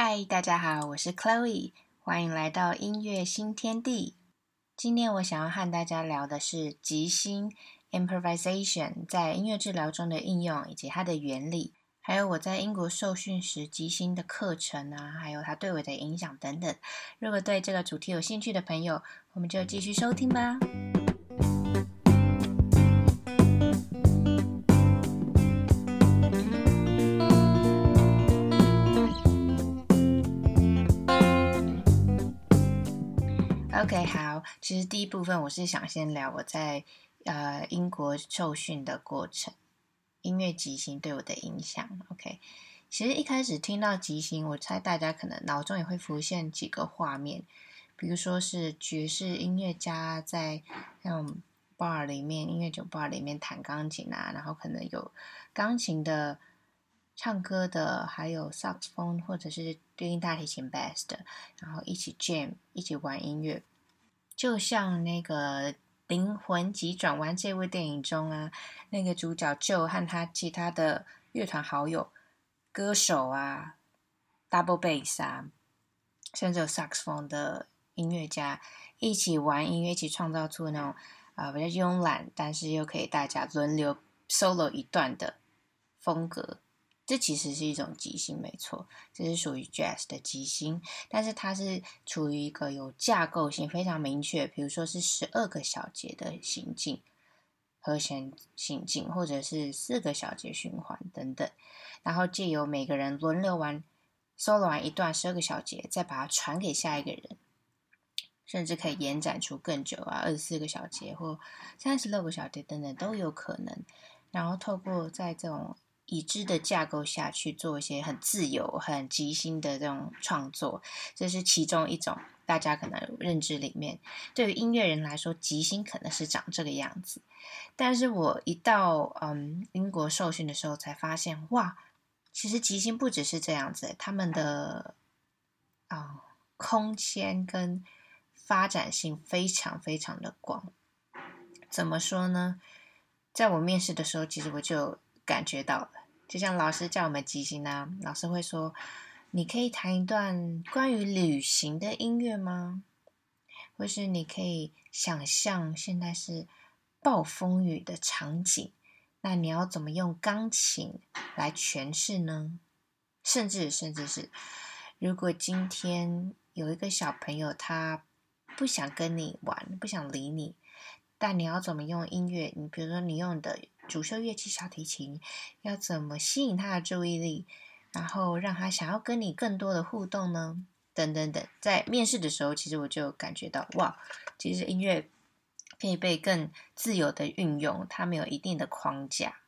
嗨，大家好，我是 Chloe，歡迎來到音樂新天地。今天我想要和大家聊的是即興 improvisation 在音樂治療中的應用以及它的原理，還有我在英國受訓時即興的課程啊，還有它對我的影響等等。如果對這個主題有興趣的朋友，我們就繼續收聽吧。其實第一部分我是想先聊我在呃英國受訓的過程，音樂即興對我的影響。OK，其實一開始聽到即興，我猜大家可能腦中也會浮現幾個畫面，比如說是爵士音樂家在那種 bar 裡面，音樂酒吧裡面彈鋼琴啊，然後可能有鋼琴的、唱歌的，還有 saxophone 或者是對應大提琴 bass 的，然後一起 jam，一起玩音樂。就像那個《靈魂急轉彎》這部電影中啊，那個主角就和他其他的樂團好友、歌手啊、double bass 啊，甚至有 saxophone 的音樂家一起玩音樂，一起創造出那種啊、呃、比較慵懶，但是又可以大家輪流 solo 一段的風格。這其實是一種即興，沒錯，這是屬於 Jazz 的即興，但是它是處於一個有架構性非常明確，比如說是十二個小節的行進和弦行進，或者是四個小節循環等等，然後借由每個人輪流完 solo 完一段十二個小節，再把它傳給下一個人，甚至可以延展出更久啊，二十四個小節或三十六個小節等等都有可能，然後透過在這種已知的架構下去做一些很自由、很即興的這種創作，這是其中一種。大家可能認知裡面，對於音樂人來說，即興可能是長這個樣子。但是我一到嗯英國受訓的時候，才發現哇，其實即興不只是這樣子，他們的啊，嗯，空間跟發展性非常非常的廣。怎麼說呢？在我面試的時候，其實我就。感覺到了，就像老師叫我們即興呢。老師會說：“你可以彈一段關於旅行的音樂嗎？或是你可以想象現在是暴風雨的場景，那你要怎麼用鋼琴來詮釋呢？甚至甚至是，如果今天有一個小朋友他不想跟你玩，不想理你，但你要怎麼用音樂？你比如說你用的。”主修樂器小提琴，要怎麼吸引他的注意力，然後讓他想要跟你更多的互動呢？等等等，在面試的時候，其實我就感覺到，哇，其實音樂可以被更自由的運用，它沒有一定的框架，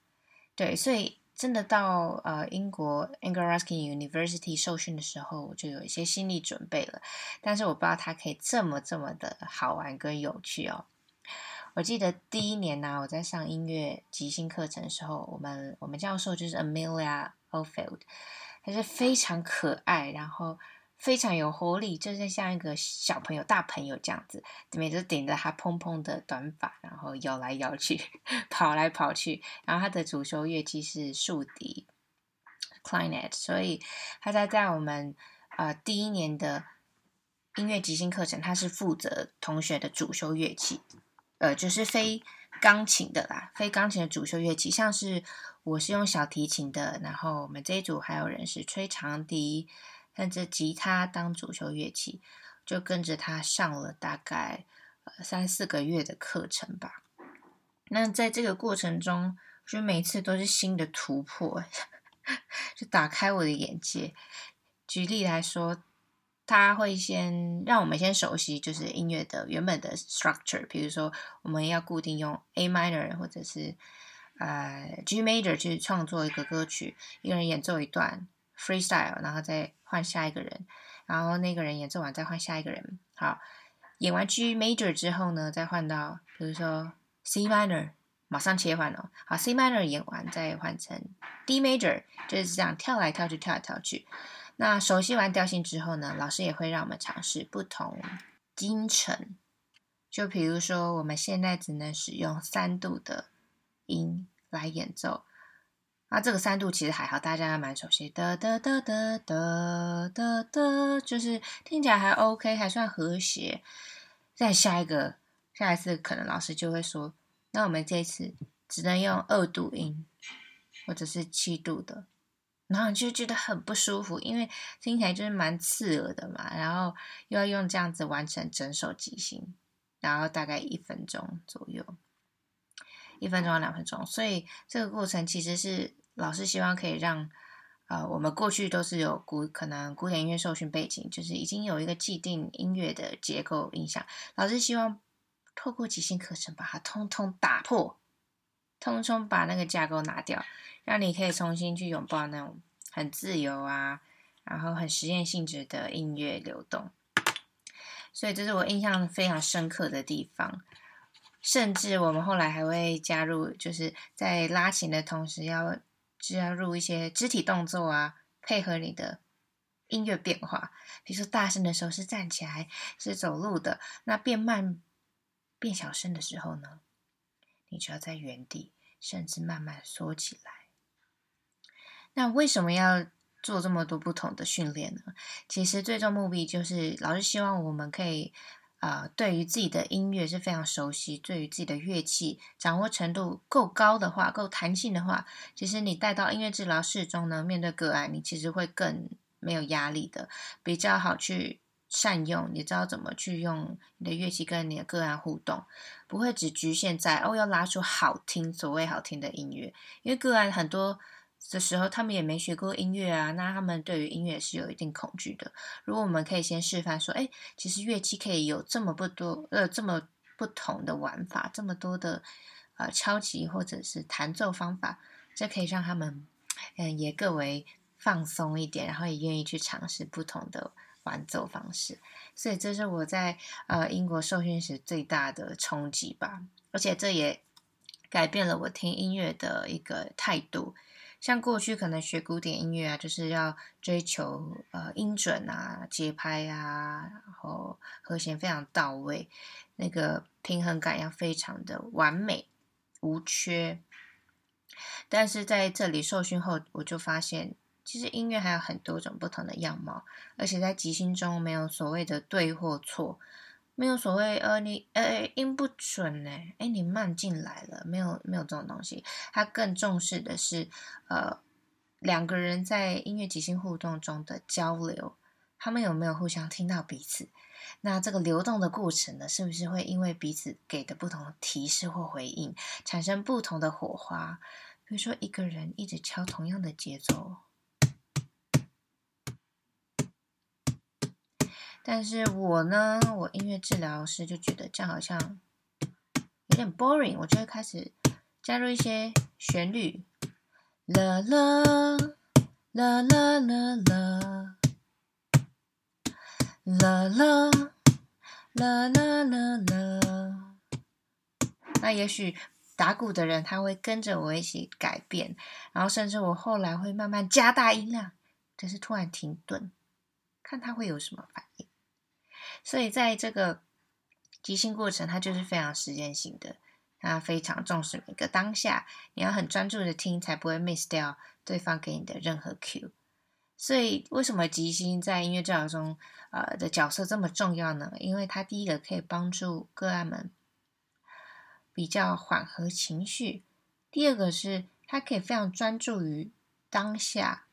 對，所以真的到呃英國 Anglia Ruskin University 受訓的時候，我就有一些心理準備了，但是我不知道它可以這麼這麼的好玩跟有趣哦。我記得第一年呢、啊，我在上音樂即興課程的時候，我們我們教授就是 Amelia Oldfield，她是非常可愛，然後非常有活力，就是像一個小朋友、大朋友這樣子，每次頂着她蓬蓬的短髮，然後搖來搖去，跑來跑去。然後她的主修樂器是豎笛 clarinet，所以她在在我們呃第一年的音樂即興課程，她是負責同學的主修樂器。呃，就是非鋼琴的啦，非鋼琴的主修樂器，像是我是用小提琴的，然後我們這一組還有人是吹長笛，但這吉他當主修樂器，就跟着他上了大概、呃、三四個月的課程吧。那在這個過程中，就每次都是新的突破， 就打開我的眼界。舉例來說。他會先讓我們先熟悉，就是音樂的原本的 structure。比如說，我們要固定用 A minor 或者是呃 G major 去創作一個歌曲，一個人演奏一段 freestyle，然後再換下一個人，然後那個人演奏完再換下一個人。好，演完 G major 之後呢，再換到比如說 C minor，馬上切換了哦。好，C minor 演完再換成 D major，就是這樣跳來跳去，跳來跳去。那熟悉完調性之後呢，老師也會讓我們嘗試不同音程，就比如說我們現在只能使用三度的音來演奏，那這個三度其實還好，大家還蠻熟悉的，的的的的的的，就是聽起來還 OK，還算和諧。再下一個下一次，可能老師就會說，那我們這一次只能用二度音，或者是七度的。然後就覺得很不舒服，因為聽起來就是蠻刺耳的嘛。然後又要用這樣子完成整首即興，然後大概一分鐘左右，一分鐘到兩分鐘。所以這個過程其實是老師希望可以讓，呃，我們過去都是有古可能古典音樂受訓背景，就是已經有一個既定音樂的結構影響。老師希望透過即興課程把它通通打破，通通把那個架構拿掉。那你可以重新去擁抱那種很自由啊，然後很實驗性質的音樂流動。所以這是我印象非常深刻的地方。甚至我們後來還會加入，就是在拉琴的同時要加入一些肢體動作啊，配合你的音樂變化。比如說大聲的時候是站起來，是走路的；那變慢、變小聲的時候呢，你就要在原地，甚至慢慢縮起來。那為什麼要做這麼多不同的訓練呢？其實最終目的就是，老師希望我們可以啊、呃，對於自己的音樂是非常熟悉，對於自己的樂器掌握程度夠高的話，夠彈性的話，其實你帶到音樂治療室中呢，面對個案，你其實會更沒有壓力的，比較好去善用，你知道怎麼去用你的樂器跟你的個案互動，不會只局限在哦，要拉出好聽，所謂好聽的音樂，因為個案很多。這時候，他們也沒學過音樂啊，那他們對於音樂是有一定恐懼的。如果我們可以先示範說，哎，其實樂器可以有這麼不多呃，這麼不同的玩法，這麼多的呃敲擊或者是彈奏方法，這可以讓他們嗯、呃、也更為放鬆一點，然後也願意去嘗試不同的玩奏方式。所以這是我在呃英國受訓時最大的衝擊吧，而且這也改變了我聽音樂的一個態度。像過去可能學古典音樂啊，就是要追求呃音準啊、節拍啊，然後和弦非常到位，那個平衡感要非常的完美無缺。但是在這裡受訓後，我就發現，其實音樂還有很多種不同的樣貌，而且在即興中沒有所謂的對或錯。沒有所謂，呃，你，呃，音不準呢，哎，你慢進來了，沒有，沒有這種東西。他更重視的是，呃，兩個人在音樂即興互動中的交流，他們有沒有互相聽到彼此？那這個流動的過程呢，是不是會因為彼此給的不同的提示或回應，產生不同的火花？比如說，一個人一直敲同樣的節奏。但是我呢，我音樂治療師就覺得這樣好像有點 boring，我就會開始加入一些旋律，啦啦啦啦啦啦，啦啦啦啦啦啦。那也許打鼓的人他會跟着我一起改變，然後甚至我後來會慢慢加大音量，但是突然停頓，看他會有什麼反應。所以，在這個即興過程，它就是非常時間性的，它非常重視每個當下，你要很專注的聽，才不會 miss 掉對方給你的任何 cue。所以，為什麼即興在音樂治療中，呃，的角色這麼重要呢？因為它第一個可以幫助個案們比較緩和情緒，第二個是它可以非常專注於當下，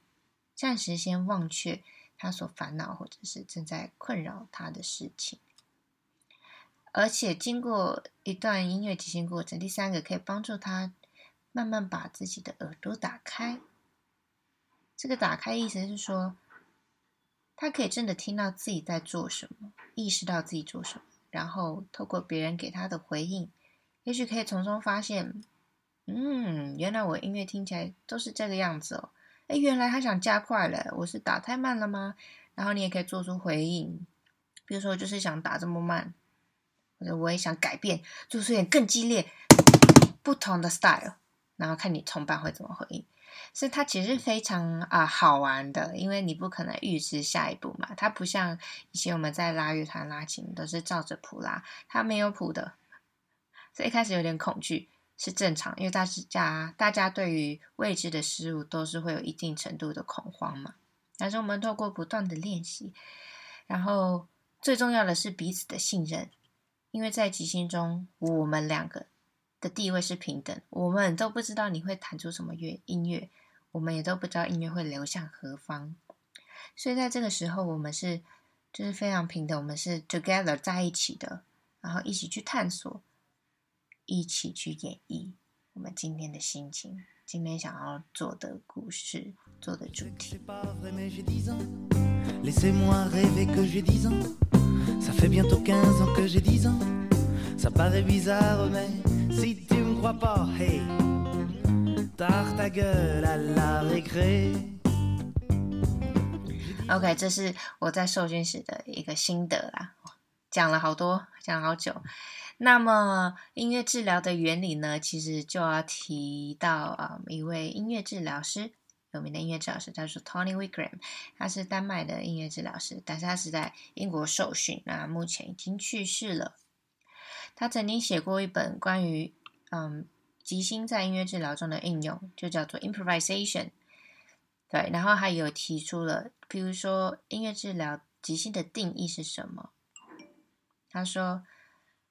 暫時先忘卻。他所煩惱或者是正在困擾他的事情，而且經過一段音樂即興過程，第三個可以幫助他慢慢把自己的耳朵打開。這個打開意思是說，他可以真的聽到自己在做什麼，意識到自己做什麼，然後透過別人給他的回應，也許可以從中發現，嗯，原來我音樂聽起來都是這個樣子哦。哎，原來他想加快了，我是打太慢了嗎？然後你也可以做出回應，比如說就是想打這麼慢，或者我也想改變，做出點更激烈、不同的 style，然後看你同伴會怎麼回應。所以他其實非常啊、呃、好玩的，因為你不可能預知下一步嘛，他不像以前我們在拉樂團拉琴都是照着譜拉，他沒有譜的，所以一開始有點恐懼。是正常，因為大家大家對於未知的事物都是會有一定程度的恐慌嘛。但是我們透過不斷的練習，然後最重要的是彼此的信任，因為在即興中，我們兩個的地位是平等，我們都不知道你會彈出什麼樂音樂，我們也都不知道音樂會流向何方。所以在這個時候，我們是就是非常平等，我們是 together 在一起的，然後一起去探索。一起去演繹我們今天的心情，今天想要做的故事，做的主題。OK，這是我在受訓時的一個心得啊。講了好多，講好久。那麼，音樂治療的原理呢？其實就要提到啊、嗯，一位音樂治療師，有名的音樂治療師，他是 Tony Wigram。他是丹麥的音樂治療師，但是他是在英國受訓，那目前已經去世了。他曾經寫過一本關於嗯，即興在音樂治療中的應用，就叫做 Improvisation。對，然後他有提出了，比如說音樂治療即興的定義是什麼？他說。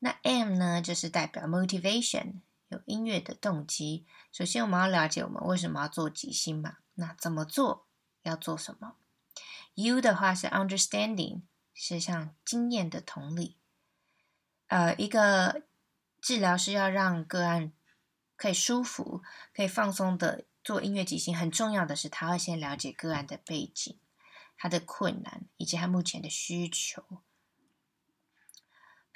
那 M 呢，就是代表 motivation，有音樂的動機。首先，我們要了解我們為什麼要做即興嘛？那怎麼做？要做什麼？U 的話是 understanding，是像經驗的同理。呃，一個治療是要讓個案可以舒服、可以放鬆的做音樂即興。很重要的是，他會先了解個案的背景、他的困難以及他目前的需求。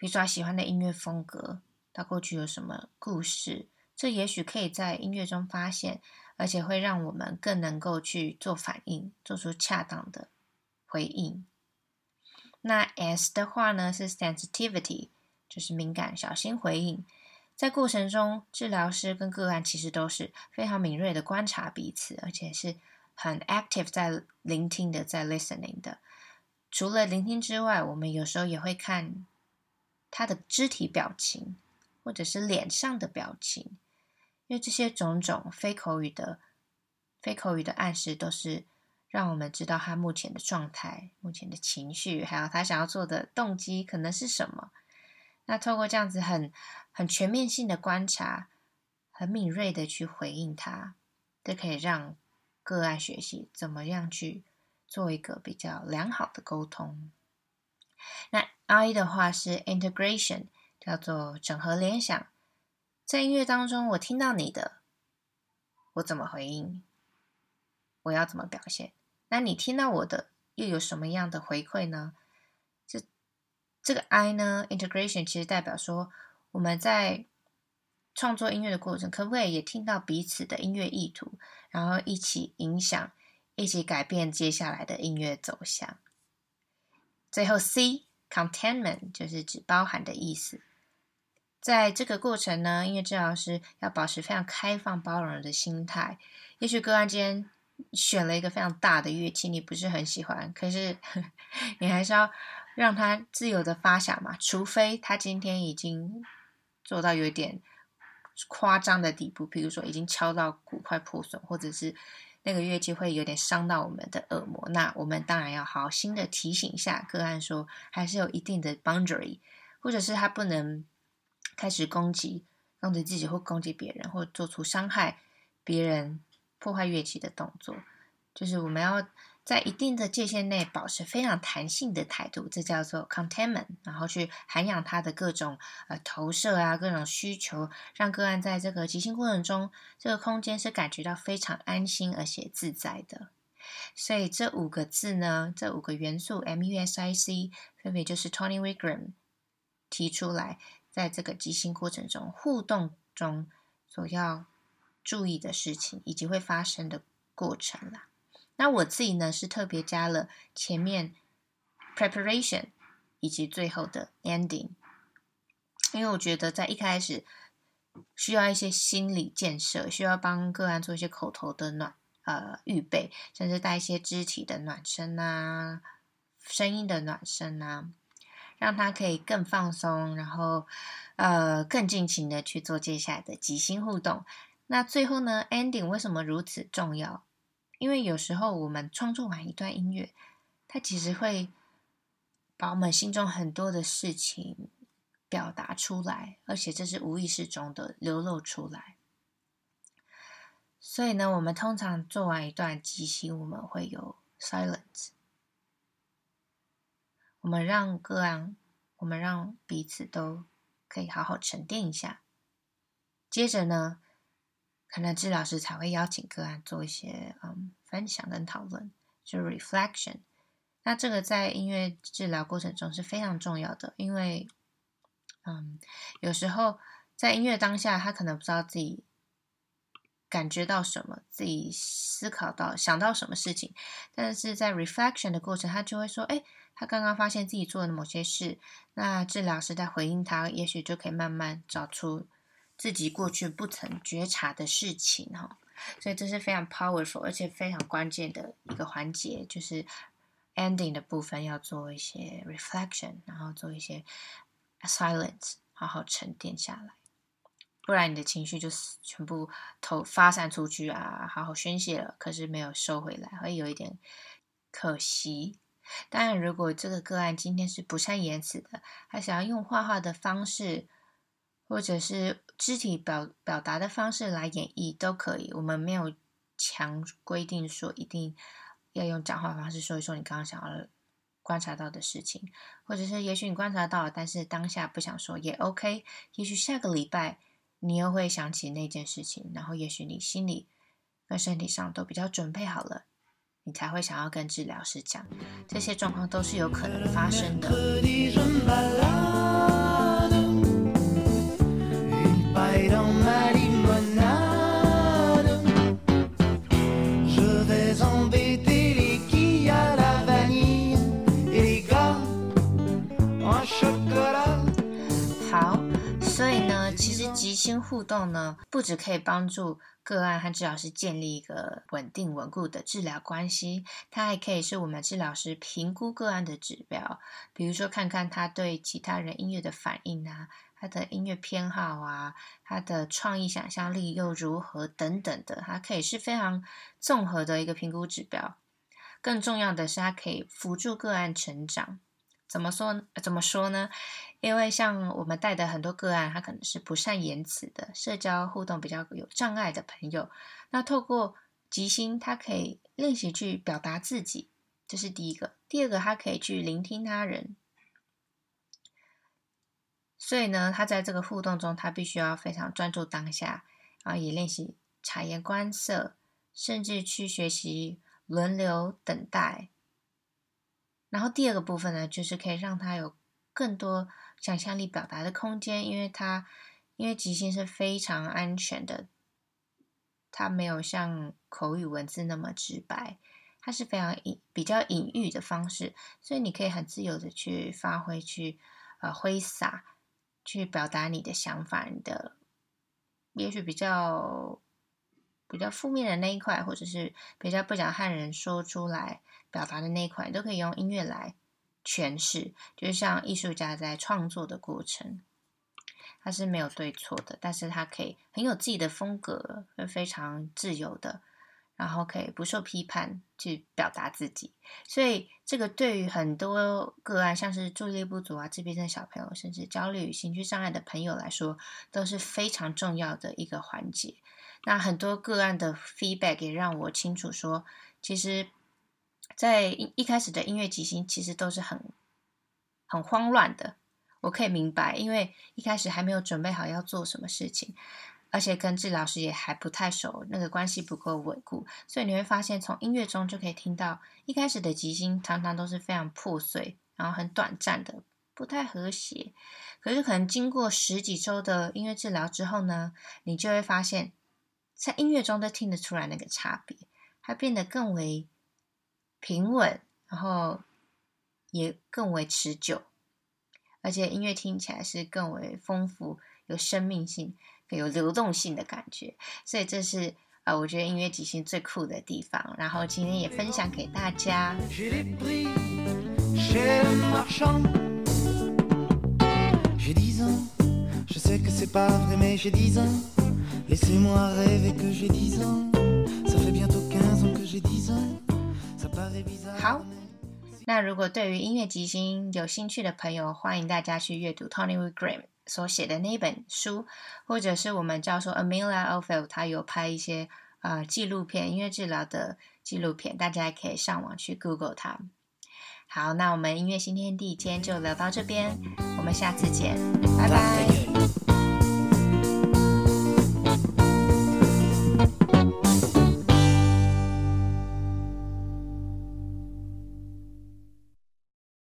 比如說喜歡的音樂風格，他過去有什麼故事？這也許可以在音樂中發現，而且會讓我們更能夠去做反應，做出恰當的回應。那 S 的話呢，是 sensitivity，就是敏感、小心回應。在過程中，治療師跟個案其實都是非常敏銳的觀察彼此，而且是很 active 在聆聽的，在 listening 的。除了聆聽之外，我們有時候也會看。他的肢體表情，或者是臉上的表情，因為這些種種非口語的、非口語的暗示，都是讓我們知道他目前的狀態、目前的情緒，還有他想要做的動機可能是什麼。那透過這樣子很、很全面性的觀察，很敏銳的去回應他，這可以讓個案學習怎麼樣去做一個比較良好的溝通。那。I 的話是 integration，叫做整合聯想，在音樂當中，我聽到你的，我怎麼回應？我要怎麼表現？那你聽到我的又有什麼樣的回饋呢？這這個 I 呢，integration 其實代表說我們在創作音樂的過程，可不可以也聽到彼此的音樂意圖，然後一起影響，一起改變接下來的音樂走向。最後 C。Containment 就是指包含的意思，在這個過程呢，音樂治療師要保持非常開放包容的心態。也許個案今天選了一個非常大的樂器，你不是很喜歡，可是你還是要讓他自由的發響嘛，除非他今天已經做到有點誇張的地步，譬如說已經敲到鼓快破損，或者是。那個樂器會有點傷到我們的耳膜，那我們當然要好心的提醒一下個案，說還是有一定的 boundary，或者是他不能開始攻擊，攻擊自己或攻擊別人，或做出傷害別人、破壞樂器的動作，就是我們要，在一定的界限內保持非常彈性的態度，這叫做 c o n t a m e n t，然後去涵養他的各種呃投射啊，各種需求，讓個案在這個即興過程中，這個空間是感覺到非常安心而且自在的。所以這五個字呢，這五個元素 MUSIC，分別就是 Tony r i g g a m 提出來，在這個即興過程中互動中所要注意的事情，以及會發生的過程啦。那我自己呢，是特別加了前面 preparation 以及最後的 ending，因為我覺得在一開始需要一些心理建設，需要幫個案做一些口頭的暖，呃，預備，甚至帶一些肢體的暖身啊、聲音的暖身啊，讓他可以更放鬆，然後呃更盡情的去做接下來的即興互動。那最後呢，ending 為什麼如此重要？因為有時候我們創作完一段音樂，它其實會把我們心中很多的事情表達出來，而且這是無意識中的流露出來。所以呢，我們通常做完一段即興，我們會有 silence，我們讓個案，我們讓彼此都可以好好沉澱一下。接着呢，可能治療師才會邀請個案做一些嗯分享跟討論，就 reflection。那這個在音樂治療過程中是非常重要的，因為嗯有時候在音樂當下，他可能不知道自己感覺到什麼，自己思考到想到什麼事情，但是在 reflection 的過程，他就會說：“哎，他剛剛發現自己做了某些事。”那治療師在回應他，也許就可以慢慢找出。自己過去不曾覺察的事情，哈，所以這是非常 powerful，而且非常關鍵的一個環節，就是 ending 的部分要做一些 reflection，然後做一些 silence，好好沉澱下來，不然你的情緒就全部頭發散出去啊，好好宣洩了，可是沒有收回來，會有一點可惜。當然，如果這個個案今天是不善言辭的，還想要用畫畫的方式。或者是肢體表表達的方式來演繹都可以，我們沒有強規定說一定要用講話方式說一說你剛剛想要觀察到的事情，或者是也許你觀察到了，但是當下不想說也 OK。也許下個禮拜你又會想起那件事情，然後也許你心裡跟身體上都比較準備好了，你才會想要跟治療師講。這些狀況都是有可能發生的。嗯即興互動呢，不只可以幫助個案和治療師建立一個穩定穩固的治療關係，它還可以是我們治療師評估個案的指標，比如說看看他對其他人音樂的反應啊，他的音樂偏好啊，他的創意想象力又如何等等的，它可以是非常綜合的一個評估指標。更重要的是，它可以輔助個案成長。怎麼說、呃，怎麼說呢？因為像我們帶的很多個案，他可能是不善言辭的，社交互動比較有障礙的朋友。那透過即興，他可以練習去表達自己，這，就是第一個。第二個，他可以去聆聽他人。所以呢，他在這個互動中，他必須要非常專注當下，然後也練習察言觀色，甚至去學習輪流等待。然後第二個部分呢，就是可以讓它有更多想象力表達的空間，因為它，因為即興是非常安全的，它沒有像口語文字那麼直白，它是非常隱比較隱喻的方式，所以你可以很自由的去發揮，去呃揮灑，去表達你的想法，你的也許比較。比較負面的那一塊，或者是比較不想和人說出來、表達的那一塊，都可以用音樂來詮釋。就是像藝術家在創作的過程，它是沒有對錯的，但是它可以很有自己的風格，會非常自由的，然後可以不受批判去表達自己。所以，這個對於很多個案，像是注意力不足啊、自閉症小朋友，甚至焦慮與情緒障礙的朋友來說，都是非常重要的一個環節。那很多個案的 feedback 也讓我清楚說，其實在一開始的音樂即興其實都是很很慌亂的。我可以明白，因為一開始還沒有準備好要做什麼事情，而且跟治療師也還不太熟，那個關係不夠穩固，所以你會發現，從音樂中就可以聽到，一開始的即興常常都是非常破碎，然後很短暫的，不太和諧。可是可能經過十幾週的音樂治療之後呢，你就會發現。在音樂中都聽得出來那個差別，它變得更為平穩，然後也更為持久，而且音樂聽起來是更為豐富、有生命性、有流動性的感覺。所以這是啊、呃，我覺得音樂即興最酷的地方。然後今天也分享給大家。 好，那如果對於音樂即興有興趣的朋友，歡迎大家去閱讀 Tony Wigram 所寫的那本書，或者是我們教授 Amelia Oldfield 他有拍一些呃紀錄片，音樂治療的紀錄片，大家可以上網去 Google 他。好，那我們音樂新天地今天就聊到這邊，我們下次見，拜拜。